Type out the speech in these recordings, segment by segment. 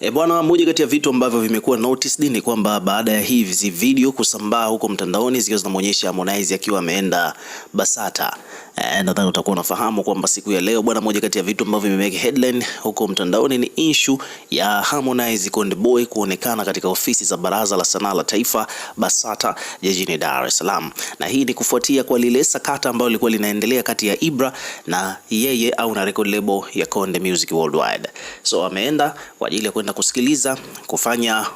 E bwana, moja kati ya vitu ambavyo vimekuwa noticed ni kwamba baada ya hizi video kusambaa huko mtandaoni zikiwa zinamuonyesha Harmonize akiwa ameenda Basata E, nadhani utakuwa unafahamu kwamba siku ya leo bwana, moja kati ya vitu ambavyo vimemeke headline huko mtandaoni ni issue ya Harmonize Konde Boy kuonekana katika ofisi za Baraza la Sanaa la Taifa BASATA jijini Dar es Salaam, na hii ni kufuatia kwa lile sakata ambalo lilikuwa linaendelea kati ya Ibra na yeye au na record label ya Konde Music Worldwide. So ameenda kwa ajili ya kwenda kusikiliza kufanya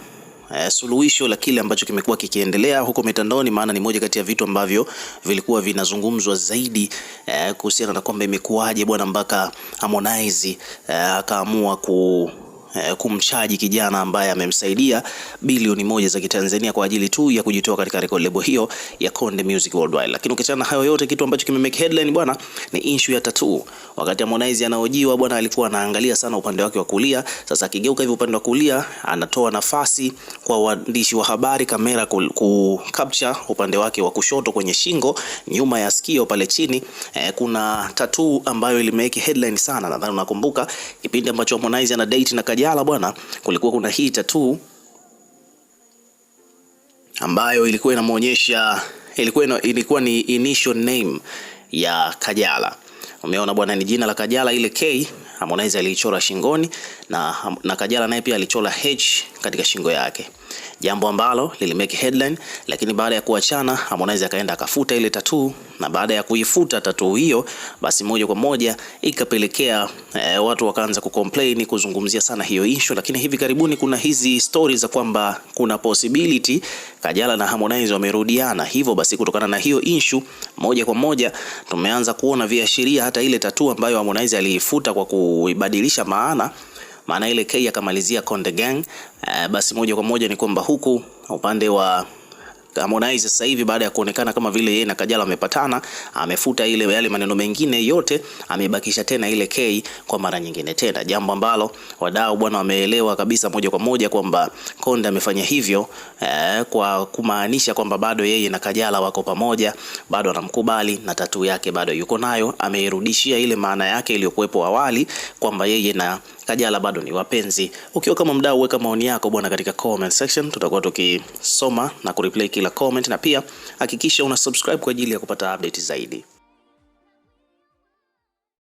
eh, suluhisho la kile ambacho kimekuwa kikiendelea huko mitandaoni, maana ni moja kati ya vitu ambavyo vilikuwa vinazungumzwa zaidi eh, kuhusiana na kwamba imekuwaje bwana mpaka Harmonize eh, akaamua eh, ku eh, kumchaji kijana ambaye amemsaidia bilioni moja za Kitanzania kwa ajili tu ya kujitoa katika record label hiyo ya Konde Music Worldwide. Lakini ukiachana na hayo yote, kitu ambacho kimemake headline bwana ni issue ya tattoo. Wakati Harmonize anaojiwa bwana, alikuwa anaangalia sana upande wake wa kulia. Sasa akigeuka hivi upande wa kulia, anatoa nafasi kwa waandishi wa habari kamera ku capture upande wake wa kushoto kwenye shingo, nyuma ya sikio pale chini eh, kuna tattoo ambayo ilimake headline sana. Nadhani unakumbuka kipindi ambacho Harmonize ana date na kaja Kajala bwana, kulikuwa kuna hii tattoo ambayo ilikuwa inamuonyesha ilikuwa, ilikuwa ni initial name ya Kajala. Umeona bwana, ni jina la Kajala ile K Harmonize aliichora shingoni na, na Kajala naye pia alichora H katika shingo yake, jambo ambalo lilimake headline. Lakini baada ya kuachana, Harmonize akaenda akafuta ile tattoo, na baada ya kuifuta tattoo hiyo, basi moja kwa moja ikapelekea eh, watu wakaanza kucomplain kuzungumzia sana hiyo issue. Lakini hivi karibuni kuna hizi stories za kwamba kuna possibility Kajala na Harmonize wamerudiana, hivyo basi kutokana na hiyo issue moja kwa moja tumeanza kuona viashiria hata ile tattoo ambayo Harmonize aliifuta kwa ku kuibadilisha maana maana ile K akamalizia Konde Gang, eh, basi moja kwa moja ni kwamba huku upande wa Harmonize sasa hivi baada ya kuonekana kama vile yeye na Kajala wamepatana, amefuta ile yale maneno mengine yote, amebakisha tena ile K kwa mara nyingine tena, jambo ambalo wadau bwana wameelewa kabisa moja kwa moja kwamba Konda amefanya hivyo eh, kwa kumaanisha kwamba bado yeye na Kajala wako pamoja, bado anamkubali na tatu yake bado yuko nayo, ameirudishia ile maana yake iliyokuwepo awali kwamba yeye na Kajala bado ni wapenzi. Ukiwa kama mdau, weka maoni yako bwana katika comment section, tutakuwa tukisoma na kureply kila comment, na pia hakikisha una subscribe kwa ajili ya kupata update zaidi.